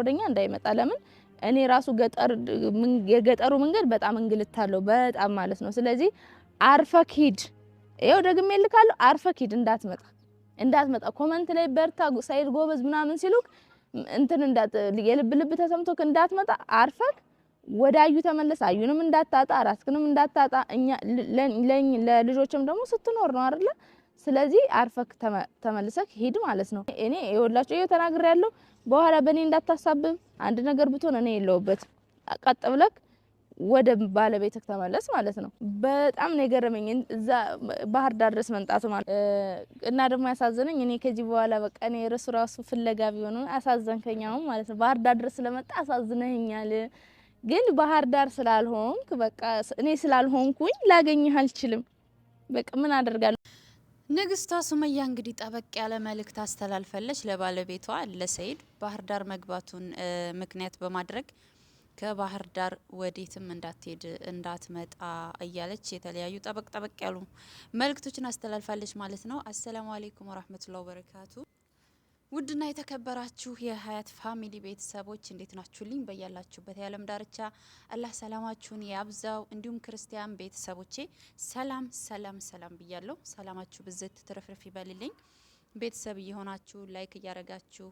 ወደኛ እንዳይመጣ ለምን እኔ ራሱ ገጠር የገጠሩ መንገድ በጣም እንግልታለሁ በጣም ማለት ነው። ስለዚህ አርፈክ ሂድ፣ ይኸው ደግሜ ልካለሁ። አርፈክ ሂድ እንዳትመጣ እንዳትመጣ ኮመንት ላይ በርታ ሳይድ ጎበዝ ምናምን ሲሉክ እንትን እንዳት የልብ ልብ ተሰምቶክ እንዳትመጣ አርፈክ ወደ አዩ ተመለስ። አዩንም እንዳታጣ ራስክንም እንዳታጣ እኛ ለልጆችም ደግሞ ስትኖር ነው አይደለ? ስለዚህ አርፈክ ተመልሰክ ሂድ ማለት ነው። እኔ የወላችሁ ተናግሬ ያለው በኋላ በእኔ እንዳታሳብብ አንድ ነገር ብትሆን እኔ የለውበት ቀጥ ብለክ ወደ ባለቤትህ ተመለስ ማለት ነው። በጣም ነው የገረመኝ እዛ ባህር ዳር ድረስ መምጣቱ ማለት እና ደግሞ ያሳዘነኝ እኔ ከዚህ በኋላ በቃ እኔ ርሱ ራሱ ፍለጋ ቢሆኑ አሳዘንከኛውም ማለት ነው። ባህር ዳር ድረስ ስለመጣ አሳዝነህኛል። ግን ባህር ዳር ስላልሆንክ በቃ እኔ ስላልሆንኩኝ ላገኘህ አልችልም። በቃ ምን አደርጋለሁ? ንግስቷ ሱመያ እንግዲህ ጠበቅ ያለ መልእክት አስተላልፈለች ለባለቤቷ ለሰይድ ባህር ዳር መግባቱን ምክንያት በማድረግ ከባህር ዳር ወዴትም እንዳትሄድ እንዳትመጣ እያለች የተለያዩ ጠበቅ ጠበቅ ያሉ መልእክቶችን አስተላልፋለች ማለት ነው። አሰላሙ አሌይኩም ወራህመቱላ ወበረካቱ ውድና የተከበራችሁ የሀያት ፋሚሊ ቤተሰቦች እንዴት ናችሁልኝ? በያላችሁበት የዓለም ዳርቻ አላህ ሰላማችሁን ያብዛው። እንዲሁም ክርስቲያን ቤተሰቦቼ ሰላም ሰላም ሰላም ብያለሁ። ሰላማችሁ ብዝት ትርፍርፍ ይበልልኝ። ቤተሰብ እየሆናችሁ ላይክ እያደረጋችሁ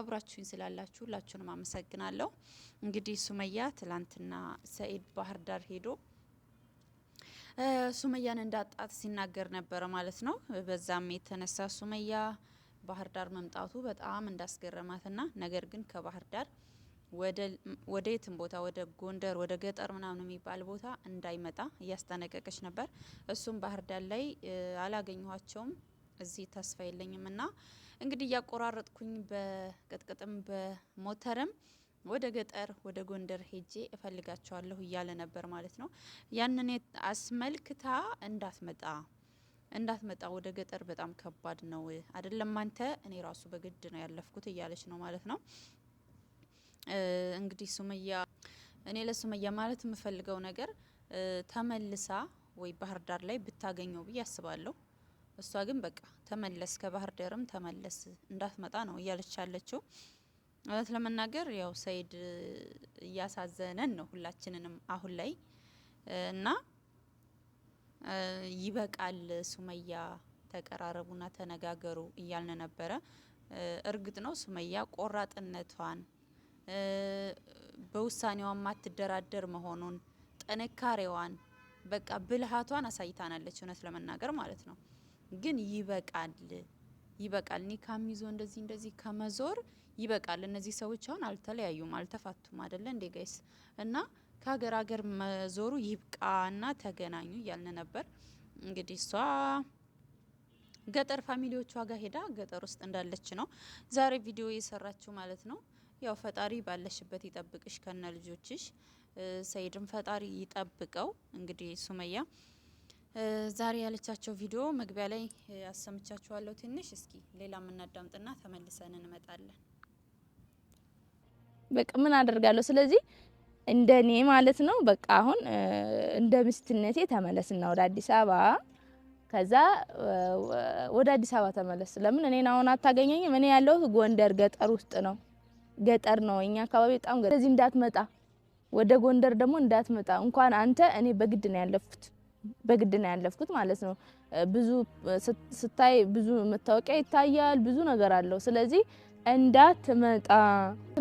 አብራችሁኝ ስላላችሁ ሁላችሁንም አመሰግናለሁ። እንግዲህ ሱመያ ትላንትና ሰኢድ ባህር ዳር ሄዶ ሱመያን እንዳጣት ሲናገር ነበረ ማለት ነው። በዛም የተነሳ ሱመያ ባህር ዳር መምጣቱ በጣም እንዳስገረማትና ነገር ግን ከባህር ዳር ወደ የትም ቦታ ወደ ጎንደር ወደ ገጠር ምናምን የሚባል ቦታ እንዳይመጣ እያስጠነቀቀች ነበር። እሱም ባህር ዳር ላይ አላገኘኋቸውም። እዚህ ተስፋ የለኝም እና እንግዲህ እያቆራረጥኩኝ በቅጥቅጥም በሞተርም ወደ ገጠር ወደ ጎንደር ሄጄ እፈልጋቸዋለሁ እያለ ነበር ማለት ነው። ያንን አስመልክታ እንዳትመጣ እንዳትመጣ ወደ ገጠር በጣም ከባድ ነው አይደለም አንተ እኔ ራሱ በግድ ነው ያለፍኩት እያለች ነው ማለት ነው። እንግዲህ ሱመያ እኔ ለሱመያ ማለት የምፈልገው ነገር ተመልሳ ወይ ባህር ዳር ላይ ብታገኘው ብዬ አስባለሁ። እሷ ግን በቃ ተመለስ፣ ከባህር ዳርም ተመለስ እንዳትመጣ ነው እያለች ያለችው። እውነት ለመናገር ያው ሰይድ እያሳዘነን ነው ሁላችንንም አሁን ላይ እና ይበቃል ሱመያ ተቀራረቡና ተነጋገሩ እያልን ነበረ። እርግጥ ነው ሱመያ ቆራጥነቷን በውሳኔዋ ማትደራደር መሆኑን ጥንካሬዋን በቃ ብልሃቷን አሳይታናለች። እውነት ለመናገር ማለት ነው። ግን ይበቃል ይበቃል ኒካ ይዞ እንደዚህ እንደዚህ ከመዞር ይበቃል። እነዚህ ሰዎች አሁን አልተለያዩም፣ አልተፋቱም አደለ እንዴ ጋይስ እና ከሀገር ሀገር መዞሩ ይብቃና ተገናኙ እያልን ነበር። እንግዲህ እሷ ገጠር ፋሚሊዎቿ ጋር ሄዳ ገጠር ውስጥ እንዳለች ነው ዛሬ ቪዲዮ የሰራችው ማለት ነው። ያው ፈጣሪ ባለሽበት ይጠብቅሽ ከነ ልጆችሽ፣ ሰይድም ፈጣሪ ይጠብቀው። እንግዲህ ሱመያ ዛሬ ያለቻቸው ቪዲዮ መግቢያ ላይ አሰምቻችኋለሁ። ትንሽ እስኪ ሌላ የምናዳምጥና ተመልሰን እንመጣለን። በቃ ምን አደርጋለሁ ስለዚህ እንደ እኔ ማለት ነው። በቃ አሁን እንደ ምስትነቴ ተመለስና ወደ አዲስ አበባ ከዛ ወደ አዲስ አበባ ተመለስ። ለምን እኔን አሁን አታገኘኝም? እኔ ያለሁት ጎንደር ገጠር ውስጥ ነው። ገጠር ነው እኛ አካባቢ በጣም ገጠር። ስለዚህ እንዳትመጣ ወደ ጎንደር ደግሞ እንዳትመጣ። እንኳን አንተ እኔ በግድ ነው ያለፍኩት በግድ ነው ያለፍኩት ማለት ነው። ብዙ ስታይ ብዙ መታወቂያ ይታያል፣ ብዙ ነገር አለው። ስለዚህ እንዳትመጣ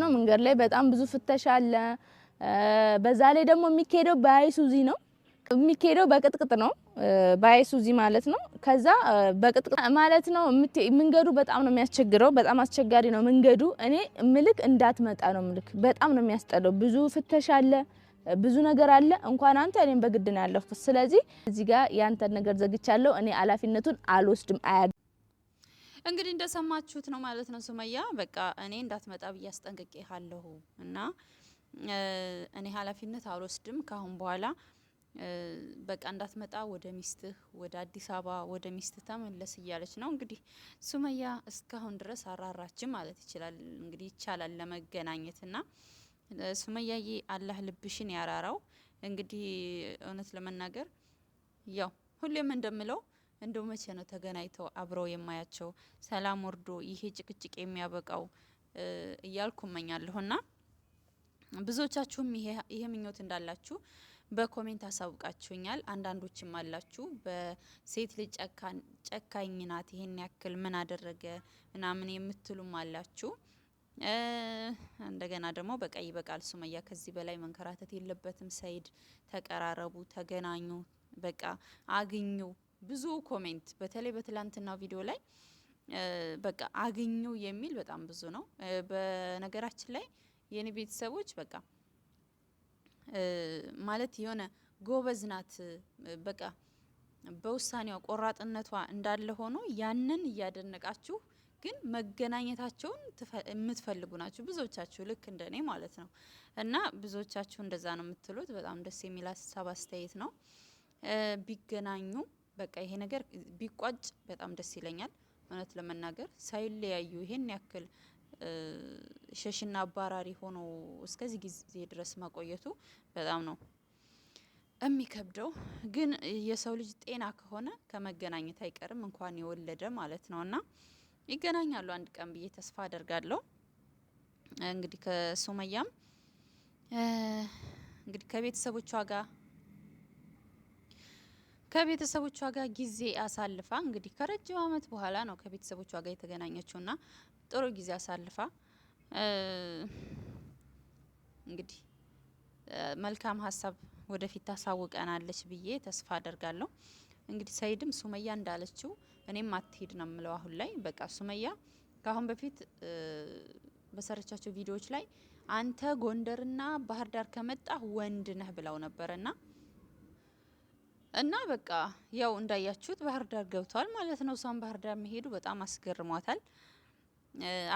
ነው። መንገድ ላይ በጣም ብዙ ፍተሻ አለ። በዛ ላይ ደግሞ የሚካሄደው በአይሱዚ ነው የሚካሄደው በቅጥቅጥ ነው። በአይሱዚ ማለት ነው። ከዛ በቅጥቅጥ ማለት ነው። መንገዱ በጣም ነው የሚያስቸግረው። በጣም አስቸጋሪ ነው መንገዱ። እኔ ምልክ እንዳትመጣ ነው ምልክ። በጣም ነው የሚያስጠለው። ብዙ ፍተሻ አለ፣ ብዙ ነገር አለ። እንኳን አንተ እኔም በግድ ነው ያለፍኩት። ስለዚህ እዚህ ጋር ያንተን ነገር ዘግቻለሁ። እኔ ኃላፊነቱን አልወስድም። አያ እንግዲህ እንደሰማችሁት ነው ማለት ነው። ሱመያ በቃ እኔ እንዳትመጣ ብዬ አለሁ እና እኔ ኃላፊነት አልወስድም ካሁን በኋላ በቃ እንዳትመጣ ወደ ሚስትህ ወደ አዲስ አበባ ወደ ሚስትህ ተመለስ እያለች ነው እንግዲህ ሱመያ እስካሁን ድረስ አራራችን ማለት ይችላል። እንግዲህ ይቻላል ለመገናኘትና ሱመያዬ አላህ ልብሽን ያራራው። እንግዲህ እውነት ለመናገር ያው ሁሌም እንደምለው እንደው መቼ ነው ተገናኝተው አብረው የማያቸው ሰላም ወርዶ ይሄ ጭቅጭቅ የሚያበቃው እያልኩ ብዙዎቻችሁም ይሄ ምኞት እንዳላችሁ በኮሜንት አሳውቃችሁኛል። አንዳንዶችም አላችሁ በሴት ልጅ ጨካኝ ናት፣ ይሄን ያክል ምን አደረገ ምናምን የምትሉም አላችሁ። እንደገና ደግሞ በቀይ በቃል ሱመያ ከዚህ በላይ መንከራተት የለበትም ሰይድ፣ ተቀራረቡ፣ ተገናኙ፣ በቃ አግኙ። ብዙ ኮሜንት በተለይ በትላንትናው ቪዲዮ ላይ በቃ አግኙ የሚል በጣም ብዙ ነው። በነገራችን ላይ የኔ ቤተሰቦች በቃ ማለት የሆነ ጎበዝ ናት በቃ በውሳኔዋ ቆራጥነቷ እንዳለ ሆኖ ያንን እያደነቃችሁ ግን መገናኘታቸውን የምትፈልጉ ናችሁ ብዙዎቻችሁ፣ ልክ እንደ እኔ ማለት ነው። እና ብዙዎቻችሁ እንደዛ ነው የምትሉት። በጣም ደስ የሚል ሀሳብ አስተያየት ነው። ቢገናኙ በቃ ይሄ ነገር ቢቋጭ በጣም ደስ ይለኛል። እውነት ለመናገር ሳይለያዩ ይሄን ያክል ሸሽና አባራሪ ሆኖ እስከዚህ ጊዜ ድረስ መቆየቱ በጣም ነው የሚከብደው። ግን የሰው ልጅ ጤና ከሆነ ከመገናኘት አይቀርም እንኳን የወለደ ማለት ነው እና ይገናኛሉ አንድ ቀን ብዬ ተስፋ አደርጋለሁ። እንግዲህ ከሱመያም እንግዲህ ከቤተሰቦቿ ጋር ከቤተሰቦቿ ጋር ጊዜ አሳልፋ እንግዲህ ከረጅም ዓመት በኋላ ነው ከቤተሰቦቿ ጋር የተገናኘችውና ጥሩ ጊዜ አሳልፋ እንግዲህ መልካም ሀሳብ ወደፊት ታሳውቀናለች ብዬ ተስፋ አደርጋለሁ። እንግዲህ ሰይድም ሱመያ እንዳለችው እኔም አትሄድ ነው የምለው። አሁን ላይ በቃ ሱመያ ከአሁን በፊት በሰረቻቸው ቪዲዮዎች ላይ አንተ ጎንደርና ባህር ዳር ከመጣ ወንድ ነህ ብለው ነበረና እና በቃ ያው እንዳያችሁት ባህር ዳር ገብተዋል ማለት ነው። እሷን ባህር ዳር መሄዱ በጣም አስገርሟታል።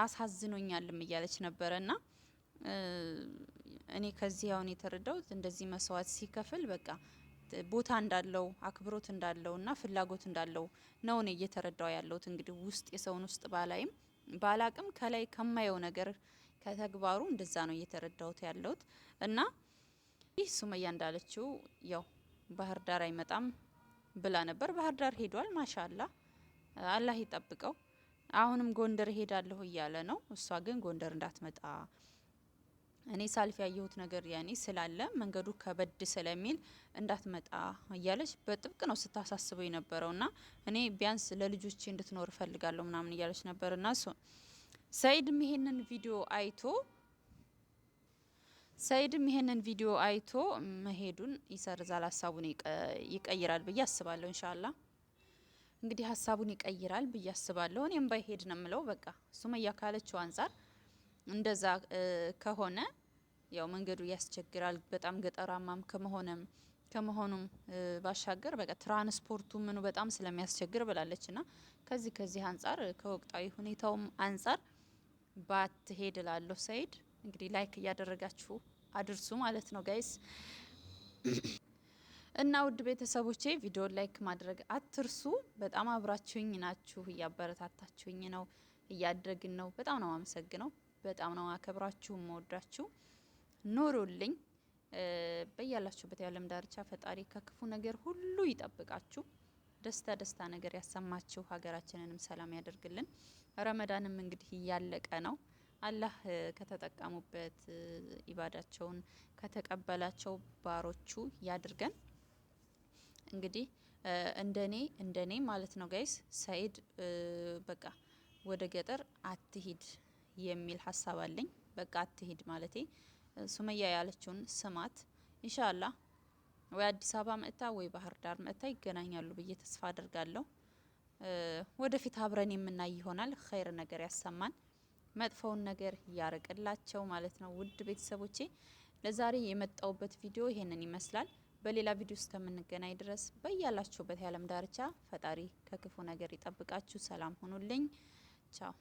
አሳዝኖኛልም እያለች ነበረ ና እኔ ከዚህ አሁን የተረዳሁት እንደዚህ መስዋዕት ሲከፍል በቃ ቦታ እንዳለው አክብሮት እንዳለው እና ፍላጎት እንዳለው ነው እኔ እየተረዳው ያለሁት። እንግዲህ ውስጥ የሰውን ውስጥ ባላይም ባላቅም ከላይ ከማየው ነገር ከተግባሩ እንደዛ ነው እየተረዳሁት ያለሁት እና ይህ ሱመያ እንዳለችው ያው ባህር ዳር አይመጣም ብላ ነበር። ባህር ዳር ሄዷል። ማሻላ አላህ ይጠብቀው። አሁንም ጎንደር እሄዳለሁ እያለ ነው። እሷ ግን ጎንደር እንዳትመጣ እኔ ሳልፍ ያየሁት ነገር ያኔ ስላለ መንገዱ ከበድ ስለሚል እንዳትመጣ እያለች በጥብቅ ነው ስታሳስበው የነበረው ና እኔ ቢያንስ ለልጆቼ እንድትኖር እፈልጋለሁ ምናምን እያለች ነበር ና ሰይድም ይሄንን ቪዲዮ አይቶ ሰይድም ይሄንን ቪዲዮ አይቶ መሄዱን ይሰርዛል፣ ሀሳቡን ይቀይራል ብዬ አስባለሁ እንሻላ እንግዲህ ሀሳቡን ይቀይራል ብዬ አስባለሁ። እኔም ባይሄድ ነው ምለው በቃ ሱመያ ካለችው አንጻር እንደዛ ከሆነ ያው መንገዱ ያስቸግራል። በጣም ገጠራማም ከመሆነም ከመሆኑም ባሻገር በቃ ትራንስፖርቱ ምኑ በጣም ስለሚያስቸግር ብላለች ና ከዚህ ከዚህ አንጻር ከወቅታዊ ሁኔታውም አንጻር ባትሄድ ላለሁ ሰይድ እንግዲህ ላይክ እያደረጋችሁ አድርሱ ማለት ነው ጋይስ። እና ውድ ቤተሰቦቼ ቪዲዮ ላይክ ማድረግ አትርሱ። በጣም አብራችሁኝ ናችሁ፣ እያበረታታችሁኝ ነው፣ እያደግን ነው። በጣም ነው አመሰግነው፣ በጣም ነው አከብራችሁ፣ መወዳችሁ። ኖሮልኝ በያላችሁበት የዓለም ዳርቻ ፈጣሪ ከክፉ ነገር ሁሉ ይጠብቃችሁ። ደስታ ደስታ ነገር ያሰማችሁ። ሀገራችንንም ሰላም ያደርግልን። ረመዳንም እንግዲህ እያለቀ ነው። አላህ ከተጠቀሙበት ኢባዳቸውን ከተቀበላቸው ባሮቹ ያድርገን። እንግዲህ እንደኔ እንደኔ ማለት ነው ጋይስ ሰኢድ በቃ ወደ ገጠር አትሂድ የሚል ሀሳብ አለኝ። በቃ አትሂድ ማለቴ ሱመያ ያለችውን ስማት እንሻላ ወይ አዲስ አበባ መጥታ ወይ ባህር ዳር መጥታ ይገናኛሉ ብዬ ተስፋ አድርጋለሁ። ወደፊት አብረን የምናይ ይሆናል። ኸይር ነገር ያሰማን፣ መጥፎውን ነገር ያርቅላቸው ማለት ነው። ውድ ቤተሰቦቼ ለዛሬ የመጣውበት ቪዲዮ ይሄንን ይመስላል። በሌላ ቪዲዮ እስከምንገናኝ ድረስ በያላችሁበት የዓለም ዳርቻ ፈጣሪ ከክፉ ነገር ይጠብቃችሁ። ሰላም ሁኑልኝ። ቻው